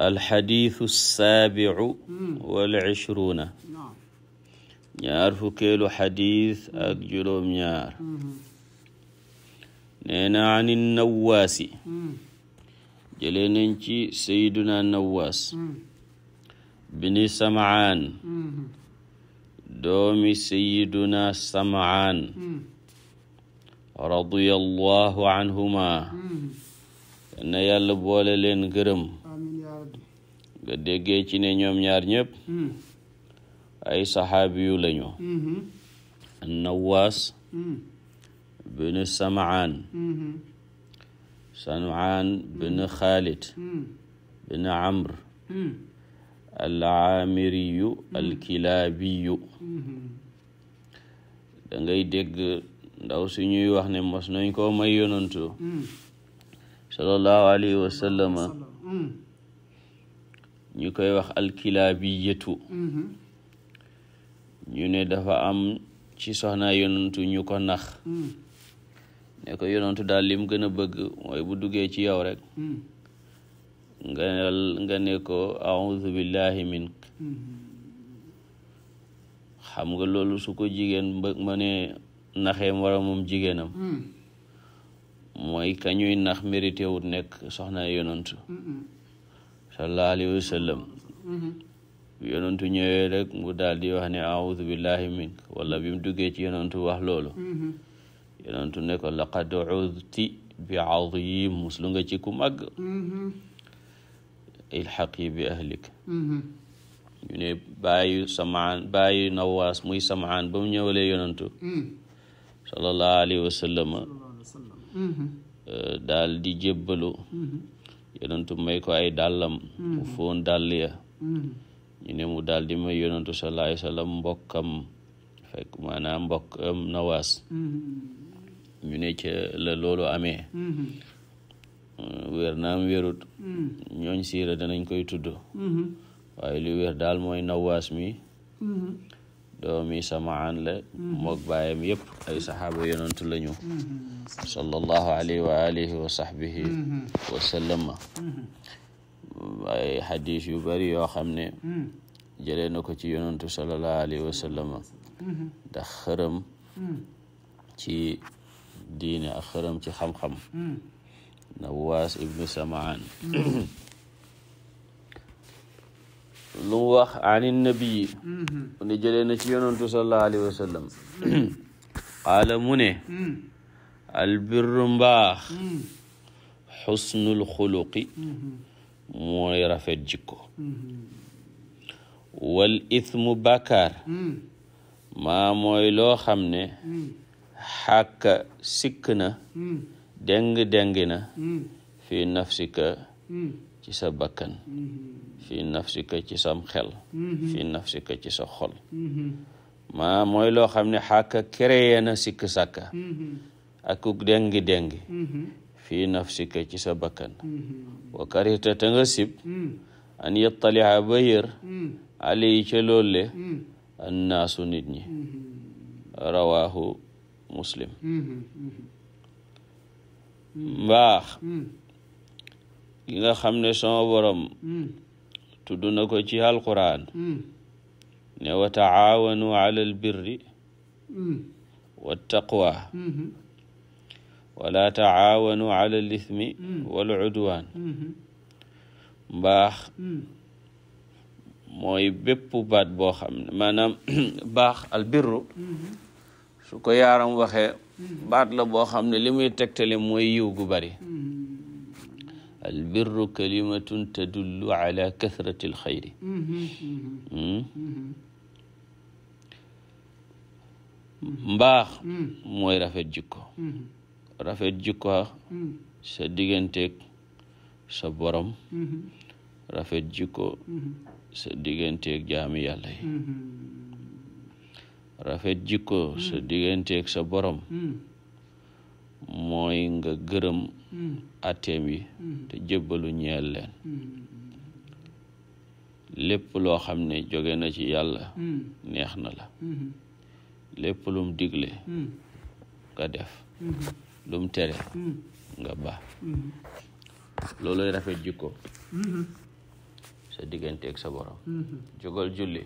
alxadiisu saabicu wal ishruuna ñaar fukkeelu xadiis ak juróom ñaar nee na ani nawaasi ci sayduna nawaas bini samcaan doomi sayiduna samcaan radiallahu anhuma na yàlla boole leen gërëm nga déggee ci ne ñoom ñaar ñëpp hmm. ay saxaabi lañu hmm. nawaas hmm. bin samaan samaan bin xaalid bin amr alaamiriyu alkilaabiyu da ngay dégg ndaw si ñuy wax ne mos nañ koo may yonantu sallallahu alayhi wa ñu koy wax alkilaabiyatu mm-hmm. ñu ne dafa am ci soxnaa yonantu ñu ko nax mm. ne yonantu daal lim gën a bëgg mooy bu duggee ci yow rek mm. nga nga ne ko audu billahi min mm-hmm. xam nga loolu su ko jigéen mbëgg ma ne naxee moroomam jigéenam mm. mooy kañuy nax mérité nekk soxna yonantu mm-hmm. sallallahu alayhi wa sallam yonentu ñëwee mu daal di wax ne audu billahi mink wala bi duggee ci yonentu wax loolu yonentu ne ko laqad udti bi azim muslu ci ku màgg ilxaqi bi ahlik ñu ne bàyyi samaan bàyyi nawaas muy samaan ba mu ñëwalee yonentu sallallahu alayhi wa sallam eh, daal di jébbalu yonentu may ko ay dàllam mm. mu foon dàll ya mm. ñu ne mu daal di may yonentu sallallahu alayhi wa mbokkam fekk maanaam mbokkam nawaas mm. ñu ne ca la loolu amee mm-hmm. euh, wér naam wérut ñooñ siira danañ koy tudd mm-hmm. waaye lu wér daal mooy nawaas mi mm-hmm. doomi samaan la mm-hmm. moog baayam yëpp ay saxaaba yonantu la ñu mm-hmm. sallallahu alayhi wa wa sahbihi mm-hmm. wa ay xadis yu bari yoo xam ne jëlee na ko ci yonantu sallallahu alayhi wa sallama xërëm ci diine ak xërëm ci xam-xam nawaas ibnu samaan lu mu wax ani nabii mhm. mu ne jëlee na ci yonantu sallallahu alayhi wa sallam qaala mu ne mhm. albirru mbaax mhm. xusnul xuluqi mooy rafet jikko wal ithmu bàkkaar maa mooy loo xam ne xàkka sikk na déng déng na fi nafsika ci sa bakkan fii nafsika ci sam xel fii nafsika ci sa xol maa mooy loo xam ne xàkka créé na sikk sàkka akuk déngi-déngi fii nafsika ci sa bakkan wa karita ta nga sib an yettaliha ba yër ali yi ca loolu le nit ñi rawaahu muslim mbaax yi nga xam ne sama borom tudd na ko ci alquran ne wa taawanu ala albirri wattaqwa wala taawanu ala alithmi wal udwan mbaax mooy bépp baat boo xam ne maanaam baax albirru su ko yaaram waxee baat la boo xam ne li muy tegtale moy yiw gu bari albirru kalimatun tadullu ala kathrati alxayri mbaax mooy rafet jikko rafet jikko sa digganteeg sa borom rafet jikko sa digganteeg jaami yàlla yi rafet jikko sa digganteeg sa borom mooy nga gërëm atteem yi mm. te jébbalu ñeel leen mm. lépp loo xam ne jóge na ci yàlla mm. neex na la mm-hmm. lépp lum digle nga def mm-hmm. lum tere nga ba mm-hmm. looloy rafet jikko sa diggante ak sa borom jógal julli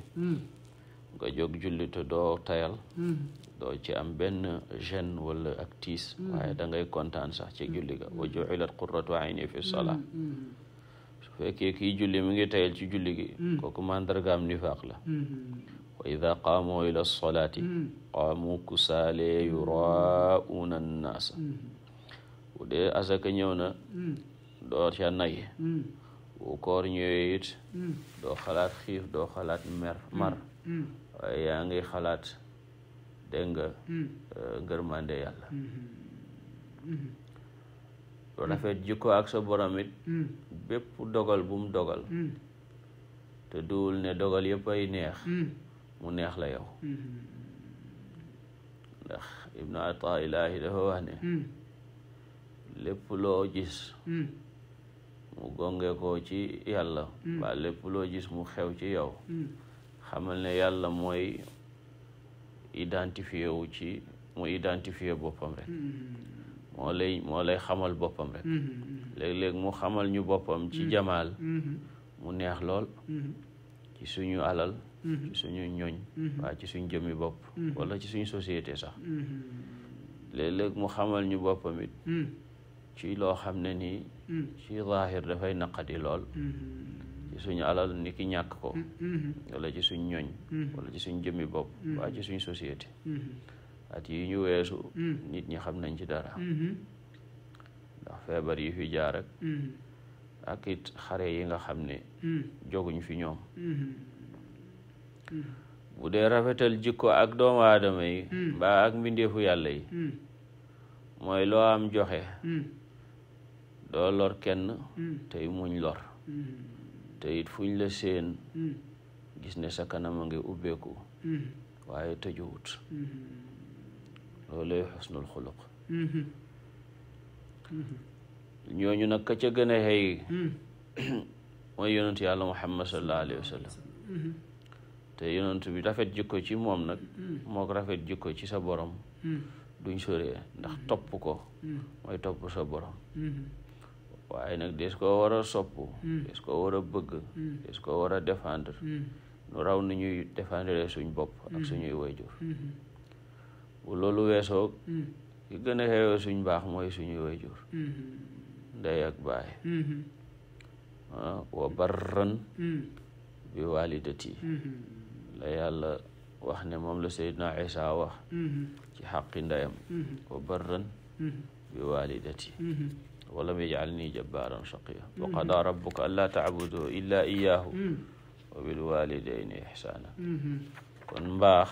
nga jóg julli te doo tayal doo ci am benn gêne wala ak tiis mm. waaye da ngay kontaan sax ci julli ga mm. wa ju'ilat qurratu ayni fi salaa mm, su fekkee kii julli mi ngi tayal ci julli gi kooku mandargaam nifaaq la wa ida qaamu ila solaati qaamu kusaale yuraa'uuna annaasa bu dee asaka ñëw na doo ca nay bu koor ñëwee doo xalaat xiif doo xalaat mer mar waaye yaa ngi xalaat dégg nga hmm. euh, ngërmande yàlla hmm, hmm, rafet jikko ak sa borom it bépp dogal bu mu dogal te duwul ne dogal yëpp ay neex mu neex la yow ndax ibnu ata ilaahi dafa wax ne lépp loo gis mu gonge ci yàlla waa lépp loo gis mu xew ci yow xamal ne yàlla mooy identifié wu ci mu identifié boppam rek hmm. moo lay moo lay xamal boppam rek hmm, hmm, léeg-léeg mu xamal ñu boppam ci jamaal mu neex lool ci suñu alal ci suñu ñoñ waa ci suñ jëmmi bopp wala ci suñ societé sax léeg-léeg mu xamal ñu boppam ci loo xam ne nii ci zaahir dafay naqadi lool ci suñu alal nit ki ñàkk ko mm, mm-hmm. wala ci suñ ñooñ mm-hmm. wala ci suñ jëmmi bopp mm-hmm. waa ci suñ société at yi ñu weesu nit ñi xam nañ ci dara ndax feebar yi fi jaar ak ak it xare yi nga xam ne joguñ fi ñoom bu dee rafetal jikko ak doomu aadama yi mm. mbaa ak mbindeefu yàlla yi mm. mooy loo joxe doo lor kenn tey muñ lor te it fuñ la séen mm. gis ne sa kanam a ngi ubbeeku mm. waaye tëjuwut mm-hmm. loolay xusnul mm-hmm. Mm-hmm. nag ka ca gën a xëy mm. mooy yonent yàlla muhammad sallallahu alayhi wa sallam te yonent bi rafet jikko ci moom nag mook rafet jikko ci sa borom duñ soree ndax topp ko mooy topp sa borom waaye nag des koo war a sopp hmm. des koo war a bëgg hmm. des koo war a défendre hmm. nu raw nu ñuy suñ bopp ak suñuy wayjur bu loolu weesoo ki gën a suñ baax mooy suñuy wayjur ndey ak baay wa barran bi walidati la yàlla wax ne moom la Seydina Isa wax ci xaqi ndeyam wa barran bi walidati walam yaj'alni jabbaaran shaqiyya wa qadaa rabbuka allaa ta'budu illaa iyyaahu wa bil waalidayni ihsaana kon mbaax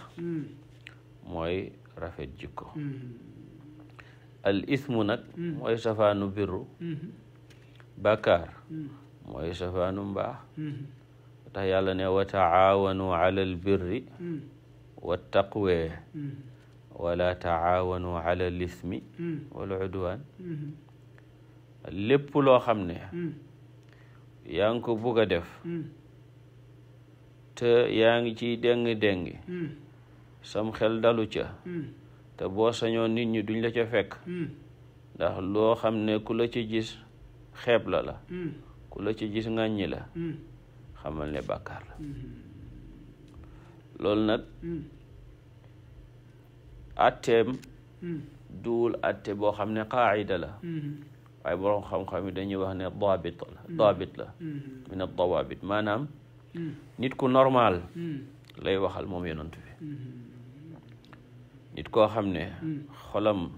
mooy rafet jikko al ismu nag mooy safaanu birru bàkkaar mooy safaanu mbaax tax yàlla ne wa tacaawanu ala al birri wa taqwee wala tacaawanu ala al ismi wal udwaan lépp loo xam ne hmm. yaa ngi ko bugg a def hmm. te yaa ngi ciy déng-déng hmm. sam xel dalu ca te boo sañoon nit ñi duñ la ca fekk ndax loo xam ne ku la ci gis xeeb la la ku la ci gis ŋàññi la xamal ne bàkkaar la loolu nag atteem duwul atte boo xam ne qaacida la waaye boroom xam-xam yi dañuy wax ne daabit la mm. daabit la mm. min dawaabit maanaam mm. nit ku normal lay waxal moom yonent bi nit koo xam ne xolam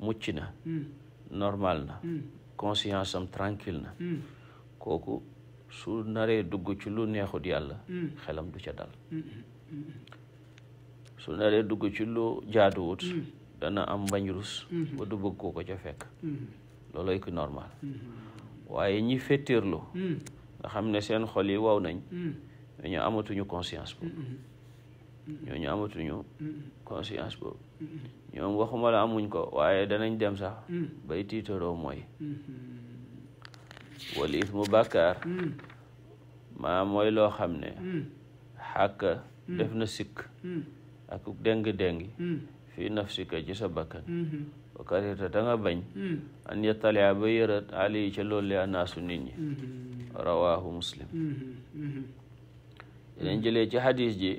mucc na normal na conscience am tranquille na kooku su naree dugg ci lu neexut yàlla xelam du ca dal su naree dugg ci lu jaaduwut dana am mbañ ba du bëgg koo ca fekk loolooy ku normal mm-hmm. waaye ñi féttéerlu mm. nga xam ne seen xol yi waw nañ mm. ñooñu amatuñu conscience boobu mm-hmm. Mm-hmm. amatuñu conscience boobu ñoom waxuma amuñ ko waaye danañ dem sax mm. bay tiitaroo mooy wal ismu bàkkaar maa mooy loo xam ne xàkk def na sikk ak déng-déng fii nafsika ci sa bakkan ba karita ta nga bañ hmm. an yettalia ba yërët ali ca loolu le anaasu nit ñi muslim dinañ hmm, hmm, jëlee ci hadis ji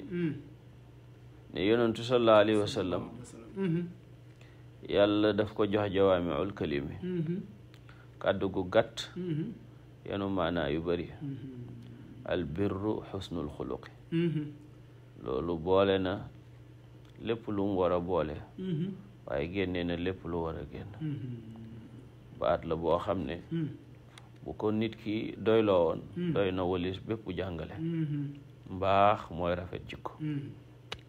ne yonentu sallallahu alayhi wa sallam yàlla daf ko jox jawaamiul kalimi kàddu gu gàtt yenu maanaa yu bëri albirru xusnul xuluqi loolu boole na lépp lu mu boole waaye génne na lépp lu war a génn mm-hmm. baat la boo xam ne mm. bu ko nit ki doyloo woon mm. doy na walis bépp jàngale mm-hmm. mbaax mooy rafet jikko mm.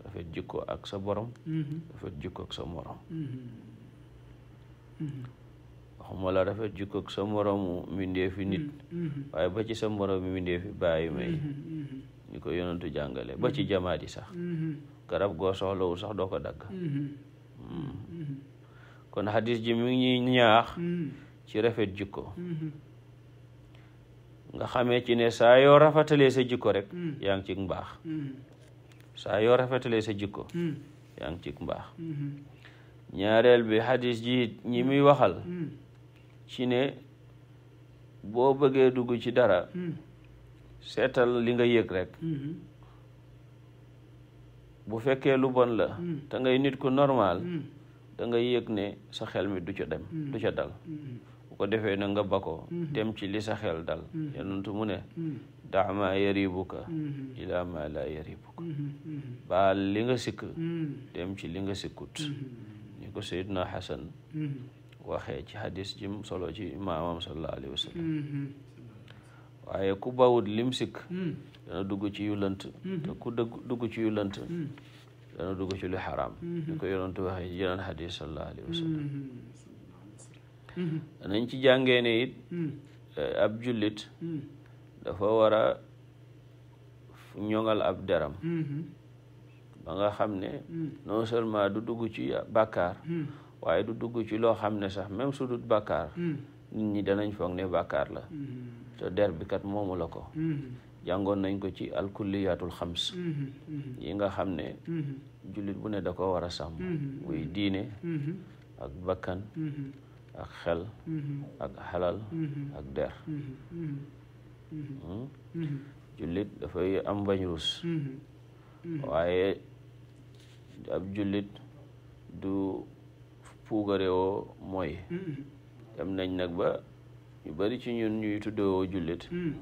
rafet jikko ak sa borom mm-hmm. rafet jikko ak sa morom waxuma la rafet jikko ak sa moromu mbindeefi nit waaye ba ci sa moromu mbindeefi bàyyi may ñu ko yonentu jàngale ba ci jamaat yi sax garab goo soxlawu sax doo ko dagg Mm-hmm. kon hadis ji mu ngi ñuy ñaax mm-hmm. ci rafet jikko mm-hmm. nga xamee ci ne saa yoo rafetalee sa jikko rek yaa ngi ci mbaax saa yoo rafetalee sa jikko yaa ngi ci mbaax ñaareel bi hadis ji ñi muy waxal ci ne boo bëggee dugg ci dara seetal li nga yëg rek bu fekkee lu bon la hmm. te ngay nit ku normal hmm. da nga yëg ne sa xel mi du ca dem hmm. du ca dal bu ko defee na nga ba ko dem ci li sa xel dal yenentu mu ne daa ma yaribuka ila ma la yaribuka baal li nga sikk dem ci li nga sikkut ni ko Seydina Xasan waxee ci xadis jim solo ci maamam sallallahu alayhi wa waaye ku bawut lim sikk hmm. dana dugg ci yu lënt hmm. dugg ci yu hmm. dana dugg ci lu xaraam ni ko yonent waxee ci yeneen xadis jàngee ne eh, ab jullit dafa war a ñoŋal ab deram ba nga xam ne non seulement du dugg ci bàkkaar waaye du dugg ci loo xam ne sax même su dut nit ñi danañ foog ne bàkkaar la te der bi kat moomu la ko mm-hmm. jàngoon nañ ko ci alkulliyaatul xams mm-hmm. Mm-hmm. yi nga xam ne jullit bu ne da ko war a sàmm muy diine ak bakkan ak xel ak xalal ak der hmm? jullit dafay am bañ ruus waaye ab jullit du puugarewoo mooy dem nañ nag ba ñu bari ci ñun ñuy tuddoo jullit hmm.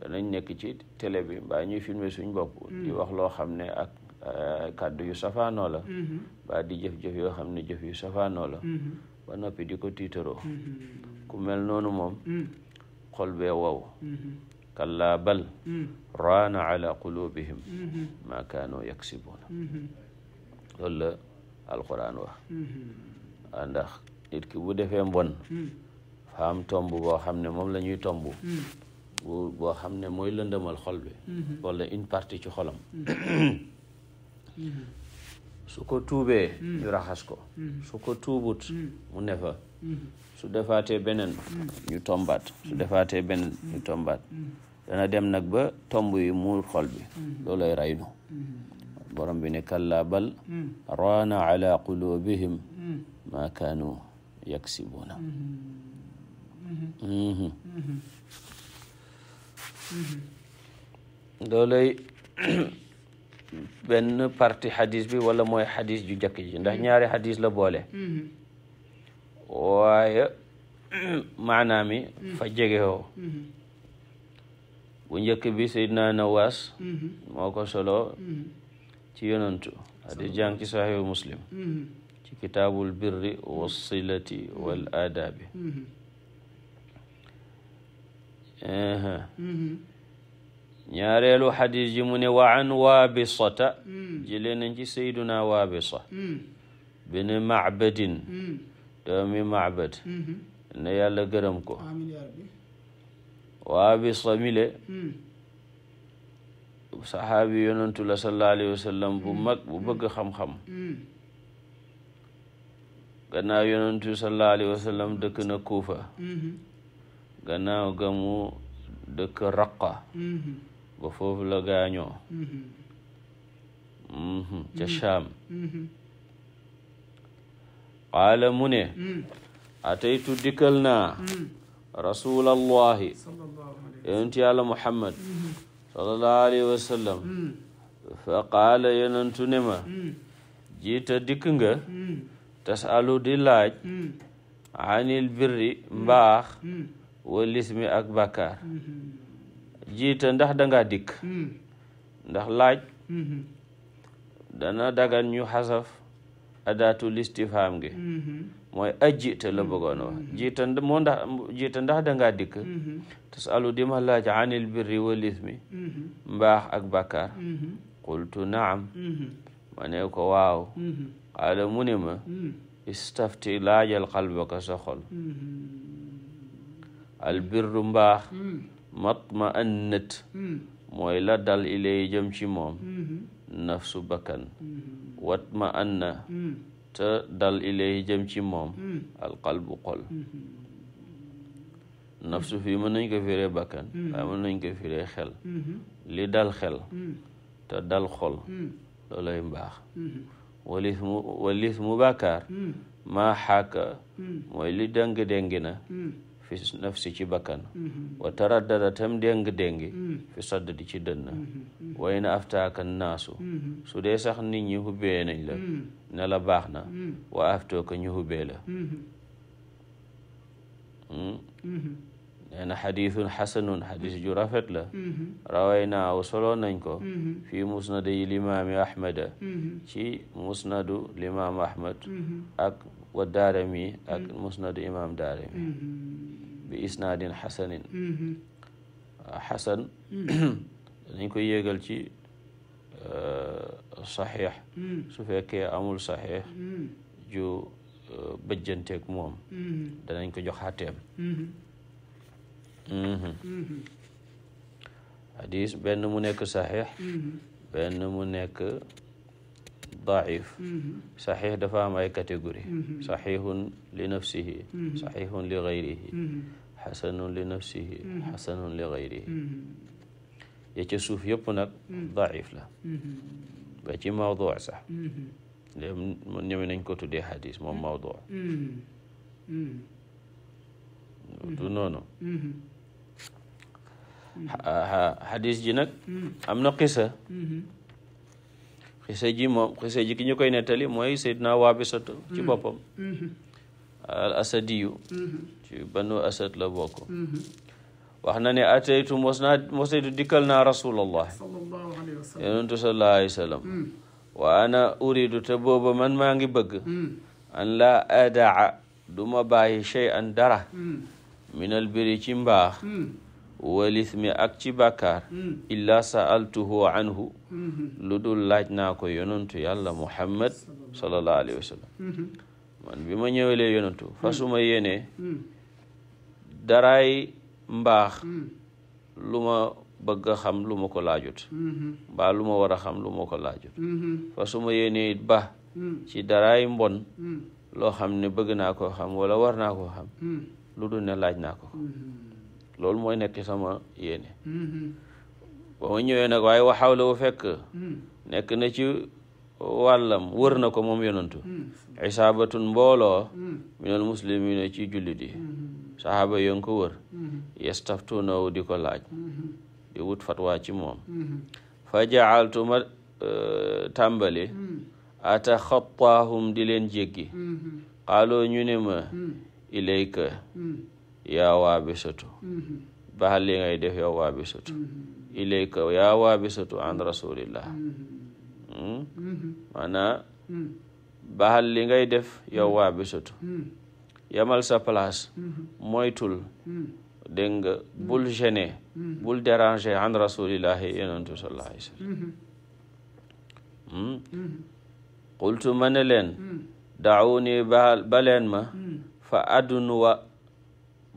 danañ nekk ci télé bi mbaa ñuy suñ bopp hmm. di wax loo xam ne ak euh, kàddu yu safaanoo la hmm. mbaa di jëf-jëf yoo xam ne jëf yu safaanoo la ba noppi di ko tiitaroo ku mel noonu moom xol bee wow kallaa bal raana ala qulubihim maa kaanoo yaksibuuna loolu la alquran wax ndax nit ki defee mbon dafa am tomb boo xam ne moom la ñuy tomb hmm. boo xam ne mooy lëndëmal xol bi hmm. walla une partie ci xolam hmm. su ko tuubee ñu raxas ko su ko tuubut mu ne fa su defaatee beneen ñu tombaat su defaatee beneen ñu tombaat dana dem nag ba tomb yi muur xol bi loolay raynu borom bi ne kallaa bal raana ala qulubihim ma kaanu yaksibuuna Mm-hmm. Mm-hmm. Mm-hmm. loolay benn partie xadis bi wala mooy xadis ju njëkk ji ndax ñaari xadis la boole waaye maanaam yi fa jege woo bu njëkk bi Seydina Nawaas moo ko solo ci yonantu xadis jàng ci muslim ci kitaabul birri wassilati wal ñaareelu mm-hmm. xadis ji mu ne wa an waabisata mm. jëlee nañ ci sayduna waabisa mm. bin macbadin mm. doomi macbad mm-hmm. na yàlla gërëm ko waabisa mile saxaabi yonantu la sallallahu alayhi wa bu mag bu bëgg xam-xam gannaaw yonantu sallallahu alayhi wa dëkk na kuufa mm-hmm. gannaaw ga mu dëkk raqa mm-hmm. ba foofu la gaañoo mm-hmm. Mm-hmm. ca Shaam qaala mu ne mm. ataytu dikkal naa mm. rasulallahi yonent yàlla muhammad sallallahu alayhi wa mm. fa qaala yonentu ne ma jiita dikk nga tasalu di laaj anil mbaax walis mi ak bàkkaar mm-hmm. jiita ndax danga dikk mm-hmm. ndax laaj mm-hmm. dana dagan ñu xasaf adaatul istifhaam gi mooy ajjita la bëggoon wax jiita ndax danga dikk tasalu dima ma laaj anil birri wal ismi mbaax ak bàkkaar qultu naam ma ko waaw qaala mu ne ma istafti laajal qalbaka sa albirru mbaax hmm. matma annat hmm. mooy la dal ilay jëm ci moom hmm. nafsu bakkan watma anna dal ilay jëm ci moom alqalbu xol nafsu fii mën nañ ko firee bakkan waaye mën nañ ko fiire xel li dal xel te dal xol looloy mbaax walis mu walis mu xaaka mooy li déng déngi na fi nafsi ci bakkan mhm. wa taraddada tam déng-déngi mhm. fi saddadi ci dënn mhm. way na aftaaka naasu su dee sax ni ñu xubbee nañ la ne la baax na wa aftooka ñu xubbee la hmm? nee na xasanun xadiis ju rafet la raway naaw solo nañ ko fii ci musnadu limaam ahmad wa daarimi ak mm-hmm. musnadu imam daarimi mm-hmm. bi isnaadin xasanin xasan mm-hmm. ah, dañ ko yéegal ci euh, saxiix mm. amul saxiix mm. ju euh, bëjjanteeg moom danañ ko jox xàtteem xadis benn mu nekk saxiix benn daif mm-hmm. saxiix dafa am ay catégorie mm-hmm. saxiixun li nafsihi mm-hmm. saxiixun li gayrihi xasanun li nafsihi xasanun li gayrihi ya ca suuf yëpp nag daif la ba ci mawdu sax léegi ñëwee nañ ko tuddee xadis moom mawdu du noonu xadis ji nag am na qisa xise ji ki ñu koy nettali mooy Seydina Waabisatu ci mm-hmm. boppam mm-hmm. al mm-hmm. ci banu asad la bokk wax na ne ataytu mos naa dikkal naa rasulallah yonentu sallallahu alayhi wa mm. ana uridu te man maa ngi bëgg mm. an laa adaa du ma bàyyi shay dara mm. min al mbaax walismi ak ci bàkkaar hmm. illaa saaltuhu anhu hmm. lu dul laaj naa ko yonantu yàlla muhammad sallallahu alayhi wa sallam hmm. man bi ma ñëwelee yonantu fasuma yéenee daraay mbaax lu ma bëgg a xam lu ko laajot mbaa lu ma war a xam lu ma ko laajut fasuma yéenee it ba ci daraay mbon loo xam ne bëgg naa koo xam wala war naa koo xam lu ne laaj naa ko loolu mooy nekk sama yéene mm-hmm. ba ma ñëwee nag waaye waxaw la wu fekk mm. nekk na ci wàllam wër na ko moom yonantu mm. isaabatun mbooloo mm. minal muslimina ci jullit yi mm-hmm. saxaaba yo ngi ko wër mm-hmm. yestaftunawu ko laaj di wut fatwa moom fa jaaltu ma euh, tàmbali ataxataahum di leen jéggi xaaloo ñu ne yaa waabisatu mm-hmm. baxal li ngay def yow waabisatu mm-hmm. ilayka yaa waabisatu an rasulillah mm-hmm. mm? maanaa mm. baxal li ngay def yow waabisatu mm. yamal sa place moytul dégg nga bul gêner bul déranger an rasulillahi yonentu sallallahu alayhi wa sallam qultu ma ne leen daawuni baleen ma fa adnuwa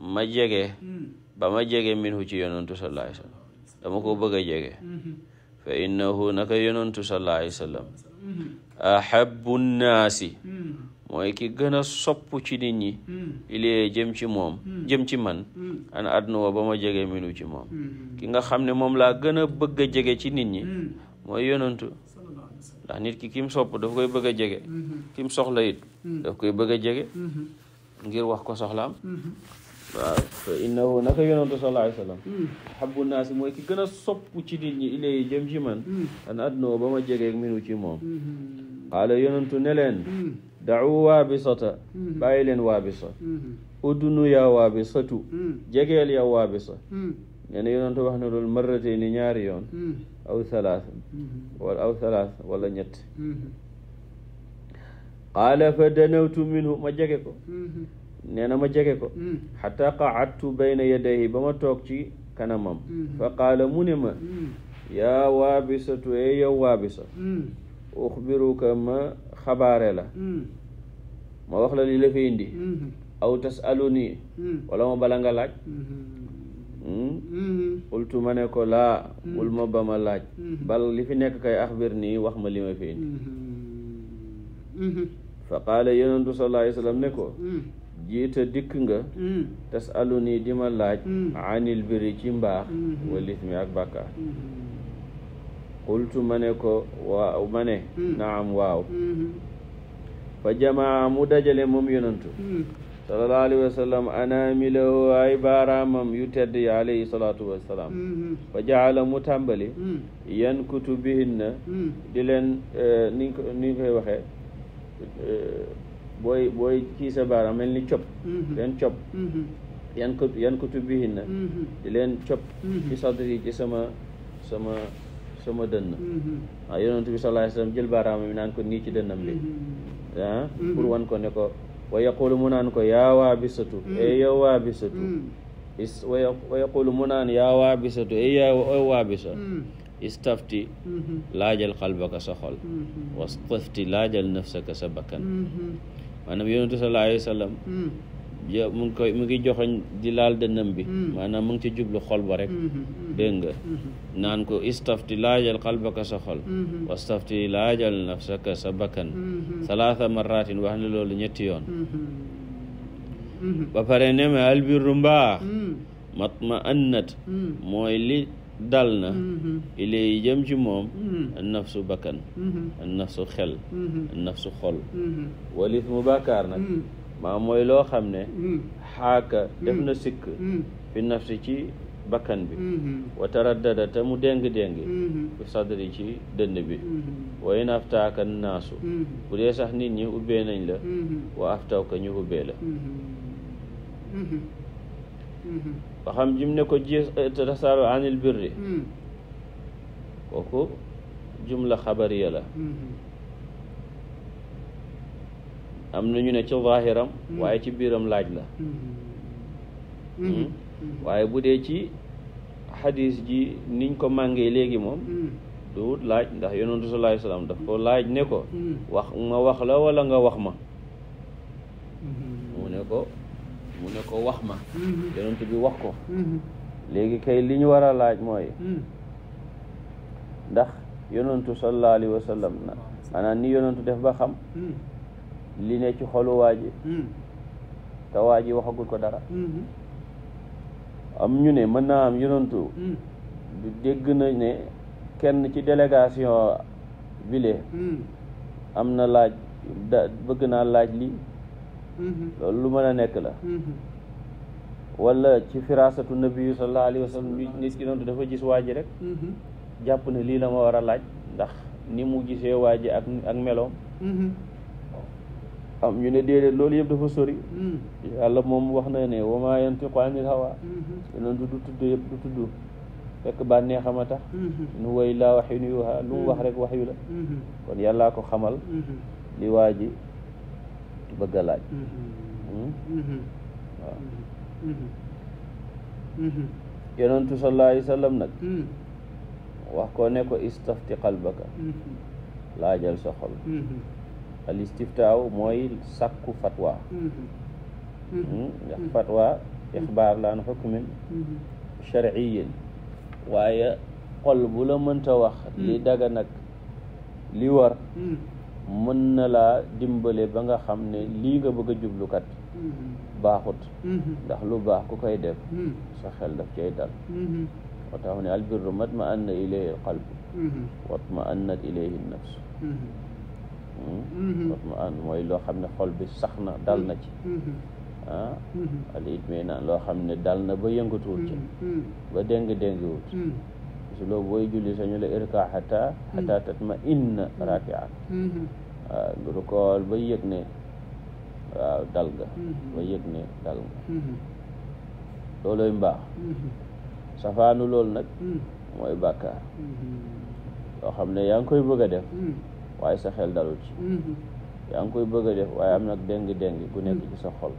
ma jege hmm. ba ma jege minhu ci yonantu sallallahu alayhi wasallam dama ko bëgg a jege hmm. fa innahu naka yonantu sallallahu alayhi wasallam hmm. ahabbu nnaasi mooy ki gën a sopp ci nit ñi ilee jëm ci moom jëm ci man an adnuwa ba ma jege minu ci moom ki nga xam ne moom laa gën a bëgg a jege ci nit ñi mooy yonantu ndax nit ki kim sopp daf koy bëgg a jege kim soxla it daf koy bëgg a jege ngir wax ko soxlaam waaw fa innahu naka yonantu sallallahu alayhi wa sallam hmm. habbu naasi mooy ki gën a sopp ci nit ñi ilay jëm ci man hmm. an adnoo ba ma jegeeg minu ci moom xaala hmm. yonantu ne leen da'u waabisata bàyyi leen waabisa udunu yaa waabisatu jegeel yaa waabisa nee na yonantu wax ne loolu marrate ni ñaari yoon aw thalath wala aw thalath wala ñett qaala fa danawtu minhu ma jege ko neena ma jege ko xata mm. qaadtu bayna yadayhi ba ma toog ci kanamam mm. fa qaala mu ne ma mm. yaa waabisatu e yow waabisa uxbiruka ma xabaare la ma wax la li la fi indi mm-hmm. aw tasaluni wala ma bala nga laaj mm-hmm. Mm-hmm. qultu ma ne ko laa bul ba ma laaj bal li fi nekk kay axbir nii wax ma li ma fi indi fa qaala yonentu sallallahu alayhi wa ne ko jiita dikk nga mm. tasalu nii di ma laaj mm. anil biri ci mbaax mm-hmm. mi ak bàkkaar mm-hmm. qultu ma ko waaw ma mm. naam waaw mm-hmm. fa jamaa mu dajale moom yonantu sallallahu alayhi wa sallam anaamilahu ay baaraamam yu tedd yi alayhi salaatu wa fa jaala mu tàmbali yankutu bihinna di leen eh, ni ko ni booy booy kii sa baaraam ni cop mm-hmm. cop mm-hmm. yan ko yan ko tubbihin mm-hmm. di leen cop ci sadri ci sama sama sama dënn waaw yonent bi jël baaraam mi naan ko nii ci dënnam bi ah pour wan ko ne ko wa yaqulu mu naan ko yaa waabisatu e yow waabisatu is wa yaqulu mu naan yaa waabisatu e yaa waabisa istafti laajal qalbaka sa xol laajal nafsaka sa bakkan maanaam yonentu sallallahu alayhi wa sallam yo hmm. mu ngi koy mu ngi joxoñ di laal dënnam bi hmm. maanaam mu ngi ci jublu xol ba rek hmm, dégg nga naan ko istafti laajal xalbaka sa xol wastafti laajal nafsaka sa bakkan salaasa marratin wax ne loolu ñetti yoon ba pare ne ma albirru mbaax matma annat mooy li dal na mm-hmm. ilay jëm ji moom mm-hmm. nafsu bakkan mm-hmm. nafsu xel nafsu xol walis mu bàkkaar nag maa mooy loo xam ne xaaka def na sikk fi nafsi ci bakkan bi wa taraddada te mu déng-déng fi sadri ci dënd bi wa in naasu bu dee sax nit ñi ubbee nañ la wa aftawka ñu ubbee la waxam jim ne ko ji eh, tasaaru anil birri hmm. kooku jumla xabariya la hmm, hmm. am na ñu ne ci zahiram waaye ci biiram laaj la waaye bu dee ci xadis ji niñ ko màngee léegi moom du laaj ndax yonentu sallallahu alayhi wasallam daf ko laaj ne ko wax ma wax la wala nga wax ma mu ne ko mu ne ko wax ma mm-hmm. yonent bi wax ko mm-hmm. léegi kay li ñu war a laaj mooy mm-hmm. ndax yonentu sallallahu alayhi wa sallam na maanaam ni yonentu def ba xam li ne ci xolu waa ji te waa ji waxagul ko dara am ñu ne mën naa am yonentu dégg na ne kenn ci délégation bile am na laaj bëgg naa laaj li loolu lu mën a nekk la wala ci firaasatu nabi sallallahu alayhi wa sallam dafa gis waa ji rek jàpp na lii la ma war a laaj ndax ni mu gisee waa ji ak ak meloom am ñu ne déedéet loolu yëpp dafa sori yàlla moom wax na ne wa maa yantiqu anil hawa yonent du tudd yëpp du tudd fekk bànnee a tax nu woy laa waxyu nu yuha lu mu wax rek waxyu la kon yàllaa ko xamal li waa bëgg a laaj waaw yonentu sallallahu alayhi mm. mm-hmm. mm-hmm. mm-hmm. hmm? wa nag wax ko ne ko istafti qalbaka laajal sa xol al istiftaaw mooy sàkku fatwa ndax fatwa ixbaar la xukmin sharciyin waaye xol bu la mënta wax mm. li daga nag li war mm. mën na laa dimbale ba nga xam ne lii nga bëgg a jublukat baaxut mm-hmm. ndax lu baax ku koy def mm-hmm. sa xel daf cay dal mm-hmm. moo tax mu ne albirru matma anna ilayhi alqalb watma annat ilayhi nafs watma ann mooy loo xam ne xol bi sax na dal na ci ah al itminaan loo xam ne dal na ba yëngatuwul ci ba déng déngiwut loolu booy julli sañu la irka xata xata mm-hmm. tatma inna rakian mm-hmm. waaw nga rukool ba yëg ne waaw dal nga mm-hmm. ba yëg ne dal nga loolooy mbaax safaanu loolu nag mooy bàkkaar yoo xam ne yaa ngi koy bëgg a def waaye sa xel dalul ci yaa ngi koy bëgg a def waaye am nag déng-déng ku nekk ci sa xol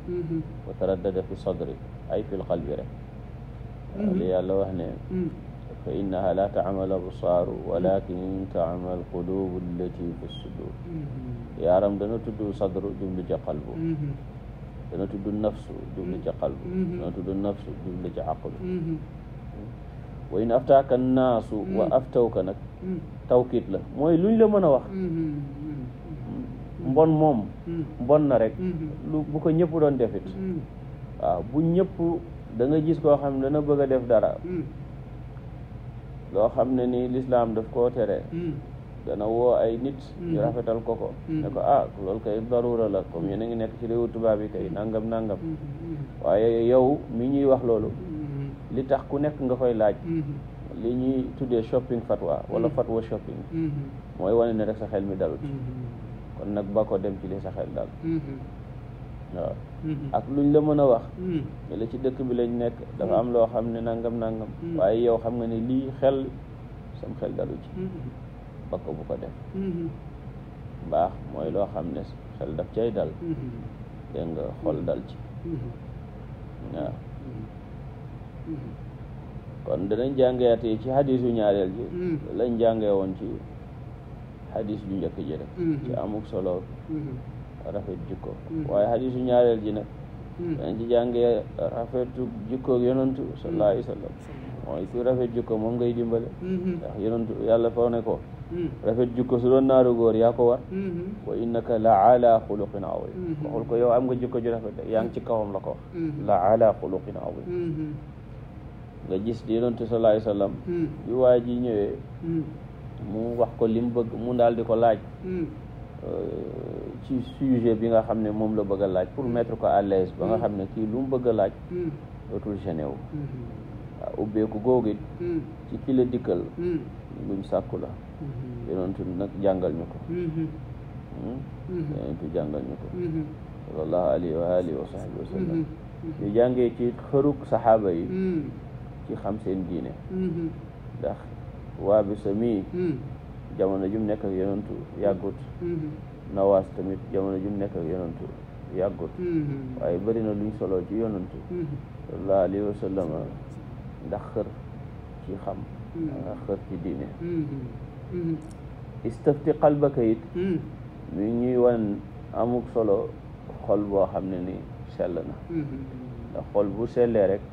wa taraddada fi sadri ay fil qalbi rek li yàlla wax ne fa innaha la taamal absaar walakin taamal qulubu allati fi sudur yaaram dana tudd sadru jublu ca qalbu dana tudd nafsu jublu ca qalbu dana tudd nafsu jublu ca aqlu wa in aftaaka naasu wa aftawka nag tawkiit la mooy luñ la mën a wax mbon moom mbon na rek lu bu ko ñëpp doon defit waaw bu ñëpp da nga gis koo xam ne dana bëgg a def dara loo xam ne nii lislaam daf koo tere hmm. dana woo ay nit hmm. ñu rafetal ko ko hmm. ne ko ah loolu kay darura la comme yéen ngi nekk ci réewu tubaab yi kay nangam nangam waaye yow mi ñuy wax loolu li tax ku nekk nga koy laaj li ñuy tuddee shopping fatwa wala fatwa shopping mooy wane na rek sa xel mi dalut kon nag ba ko dem ci li sa xel dal waaw mm-hmm. ak luñ la mën a wax mm-hmm. ne ci dëkk bi lañ nekk mm-hmm. dafa am loo xam ne nangam nangam waaye yow xam nga ne lii xel sam xel dalu ci bakk bu ko def mbaax mooy loo xam ne xel daf cay dal dégg nga xol dal ci waaw kon danañ jàngeate ci xadiisu ñaareel ji lañ jàngee ci xadiis ju njëkk ji rek ci amuk solo rafet jikko mm. waaye xadiisu ñaareel ji nag mm. dañ ci jàngee rafetu jikko yonantu sallallahu alayhi wa sallam mm. mooy su rafet jikko moom ngay dimbale mm-hmm. ndax yonantu yàlla faw ne ko rafet jikko su doon naaru góor yaa ko mm-hmm. wa innaka la ala xuluqin mm-hmm. ko yow am nga jikko ju rafet de yaa ngi ci kawam la ko wax la gis di yonantu sallallahu alayhi wa sallam bi ji ñëwee mu wax ko li mu bëgg mu daal di ko laaj ci sujet bi nga xam ne moom la bëgg a laaj pour mettre ko à l'aise ba nga xam ne kii lu mu bëgg a laaj dootul gêné wu mm-hmm. ah, ubbeeku googit mm-hmm. ci ki la dikkal mm-hmm. luñ sàkku la yonentu nag jàngal ñu ko hmm? yonentu jàngal ñu ko wa alihi wa sahbihi jàngee ci xërug saxaaba yi ci xam seen diine waa bi sa jamono mu nekk ak yonantu yàggut mm-hmm. nawaas tamit jamono mu nekk ak yonantu yàggut mm-hmm. waaye bëri na luñ solo ci yonantu mm-hmm. sallallahu alayhi wa ndax xër ci xam ndax xër ci diine istafti qalbaka it mi ñuy wan amuk solo xol boo xam ne ni sell na ndax xol bu sellee rek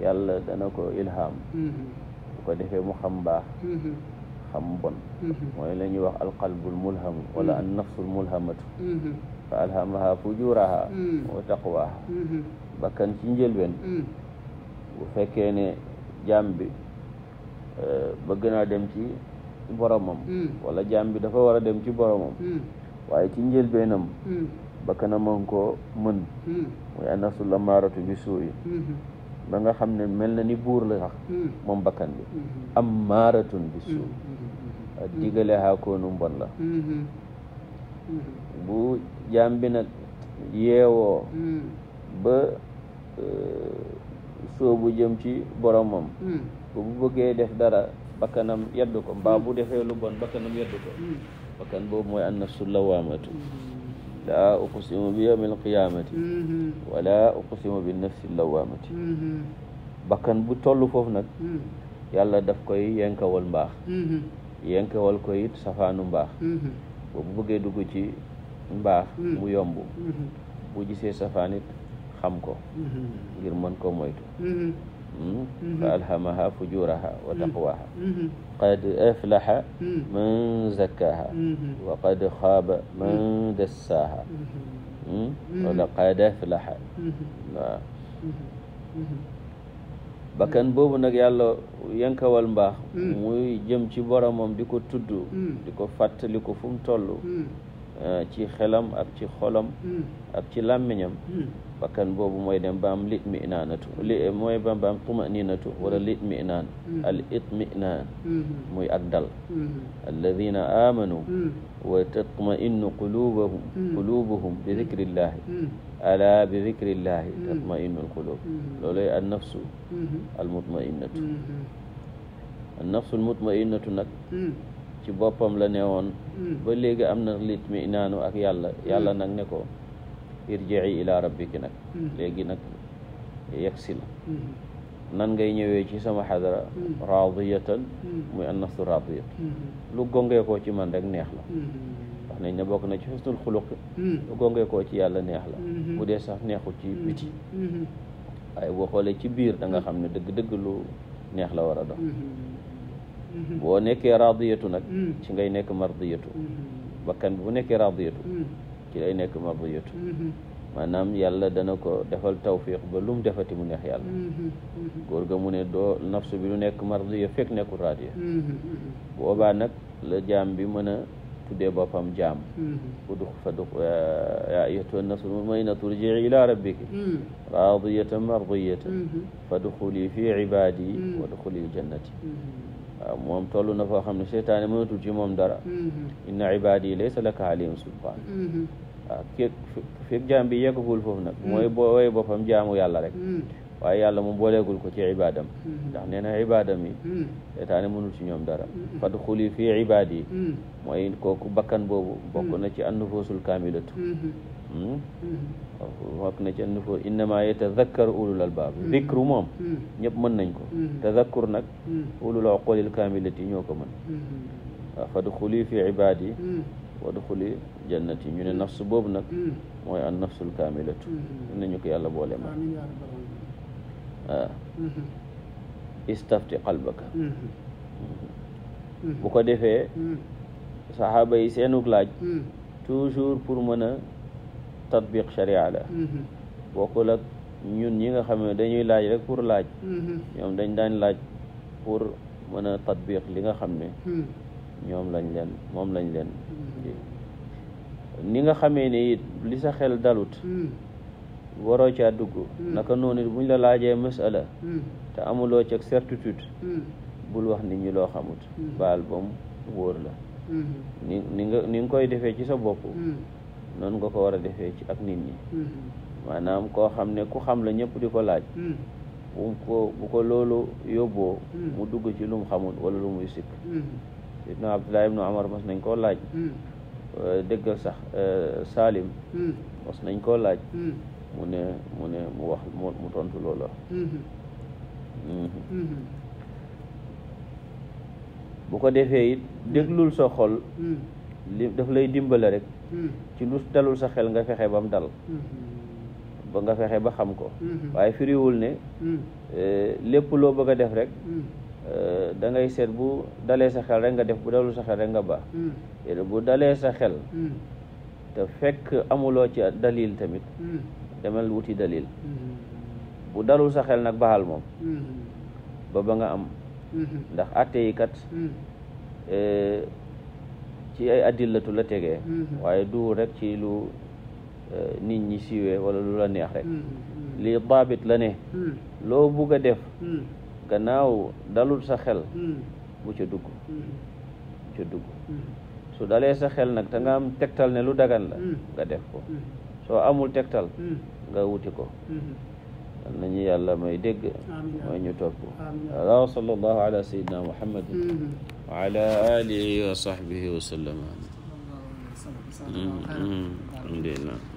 yàlla dana ko ilham bu ko defee mu xam baax xam mbon mm-hmm. mooy la ñuy wax alqalbul mulhamu wala mm-hmm. an nafsul mulhamatu mm-hmm. fa alhamaha fujuraha wa taqwaha bakkan ci njëlbeen bu fekkee ne jaam bi euh, bëgg naa dem ci boromam wala jaam bi dafa war a dem ci boromam waaye ci njëlbeenam bakkana mën koo mën mooy an amaaratu bi suuyi ba xam ne mel na ni buur la sax moom bakkan bi amaaratun bi suuyi ak digale xaakoonu mbon la mm-hmm. Mm-hmm. bu jaam bi nag yeewoo mm. ba eh, soobu jëm ci boromam mm. bu bëggee def dara bakkanam yeddu ko mbaa mm. bu defeelu lu bon bakkanam yeddu ko bakkan boobu mooy an nafsu lawaamatu mm-hmm. laa uqsimu bi yawmi alqiyaamati wala uqsimu bi nafsi lawaamati bakkan bu toll foofu nag yàlla daf koy yenkawal mbaax yenkewal ko it safaanu mbaax ba mm-hmm. bu bëggee dugg ci mbaax mm-hmm. mu yomb mm-hmm. bu gisee safaanit it xam ko ngir mën ko moytu fa alhamaha fujuraha wa taqwaha qad aflaha man zakkaha wa qad xaaba man dassaaha wala qad aflaha waaw bakkan boobu nag yàlla yankawal mbaax mm. muy jëm ci boromam di ko tudd mm. di ko fàttali ko fu mu toll mm. Euh, ci xelam ak ci xolam hmm. ak ci làmmiñam hmm. bakkan boobu mooy dem ba am lit mi inaanatu li eh, mooy ba am tumaninatu wala hmm. lit mi inaan al itminaan muy ak dal alladina amanu wa tatmainu qulubuhum qulubuhum bi dicrillahi ala bi dicrillahi tatmainu al qulub looloy an nafsu al mutmainatu an nafsu al mutmainatu nag ci boppam la ne woon hmm. ba léegi am na litmi inaanu ak yàlla yàlla hmm. nag ne ko irji'i ila rabbiki nag hmm. léegi nag yegsi na nan ngay ñëwee ci sama xadara raadiyatan muy annastu raadiyat lu gongee ci man rek neex la wax nañ ne bokk na ci xusnul xuluq lu gongee ci yàlla neex la bu dee sax neexu ci biti waaye boo xoolee ci biir da nga xam ne dëgg-dëgg lu neex la war a dox Mm-hmm. boo nekkee radiyatu nag mm. ci ngay nekk mardiyatu mm-hmm. bakkan bu nekkee radiyatu mm. ci lay nekk mardiyatu mm-hmm. maanaam yàlla dana ko defal tawfiq ba lu mu defati mu neex yàlla góor ga mu ne doo nafsu bi lu nekk mardiya fekk nekkul radiya boobaa nag la jaam bi mën a tuddee boppam jaam udux fa dux yaa ayyatuha nafsul mutmainna turji'i ila rabbiki mm. radiyatan mardiyatan fa duxuli fi ibadi wa duxuli jannati waaw moom toll na foo xam ne seytaane mënatul ci moom dara mm-hmm. inna ibaadi laysa laka alayhim sultaan mm-hmm. waaw kéeg féeg jaam bi yeggagul foofu nag mm-hmm. mooy boo woy boppam jaamu yàlla rek waaye yàlla mu booleegul ko ci ibaadam ndax nee na ibaadam yi seytaane mënul ci ñoom dara fadxuli fi ibaad yi mooy kooku bakkan boobu bokk na ci annufuusul kaamilatu hmm? wax na ci ne ko innama yatazakkaru ulul albaab mm. zikru moom mm. ñëpp mën nañ ko mm. tazakkur nag ulul uqulil kaamilati ñoo ko mën waaw fadxuli fi ibaadi wadxuli jannati ñu ne nafs boobu nag mooy an nafsul kaamilatu nañu ko yàlla boole ma waaw mm-hmm. istafti qalbaka mm-hmm. Mm-hmm. bu ko defee saxaaba yi seenug laaj toujours pour mën tatbiq sharia la mm-hmm. bokkul ak ñun ñi nga xam ne dañuy laaj rek pour laaj mm-hmm. ñoom dañ daan laaj pour mën a tatbiq li nga xam ne mm-hmm. ñoom lañ leen moom lañ leen ni nga xamee ni it li sa xel dalut waroo caa dugg naka noonu it buñ la laajee masala te amuloo ci certitude bul wax nit ñi loo xamut baal ba mu wóor la ni ni nga ni nga koy defee ci sa bopp noonu nga ko war a defee ci ak nit ñi mm-hmm. maanaam koo xam ne ku xam la ñëpp di ko laaj mm-hmm. bu ko bu ko loolu yóbboo mm-hmm. mu dugg ci lu mu xamul wala lu muy sikk sidna abdullah ibnu amar mas nañ koo laaj euh, dëggal sax euh, salim mas nañ koo laaj mu ne mu ne mu wax mu tontu loola bu ko defee it déglul sa xol li daf lay dimbale rek hmm. ci lu dalul sa xel nga fexe ba mu dal hmm. ba nga fexe ba xam ko hmm. waaye firiwul ne e, lépp loo bëgg a def rek e, da ngay seet bu dalee sa xel rek nga def bu dalul sa rek nga baax bu dalee sa xel te fekk amuloo ci dalil tamit demal wuti dalil bu dalul sa xel nag baxal moom ba ba nga am ndax atte yi kat e, ci ay adillatu la tegee mm-hmm. waaye du rek ci lu eh, nit ñi siiwee wala lu la neex rek mm-hmm. lii daabit la ne mm-hmm. loo bugg a def gannaaw dalul sa xel bu ca dugg bu ca dugg su dalee sa xel nag te nga am tegtal ne lu dagan la nga def ko soo amul tegtal nga wuti ko yal nañu yàlla may dégg may ñu topp ala wa sallallahu ala sayyidina muhammadin mm-hmm. wa ala alihi wa sahbihi wa sallama mm-hmm. alhamdulillah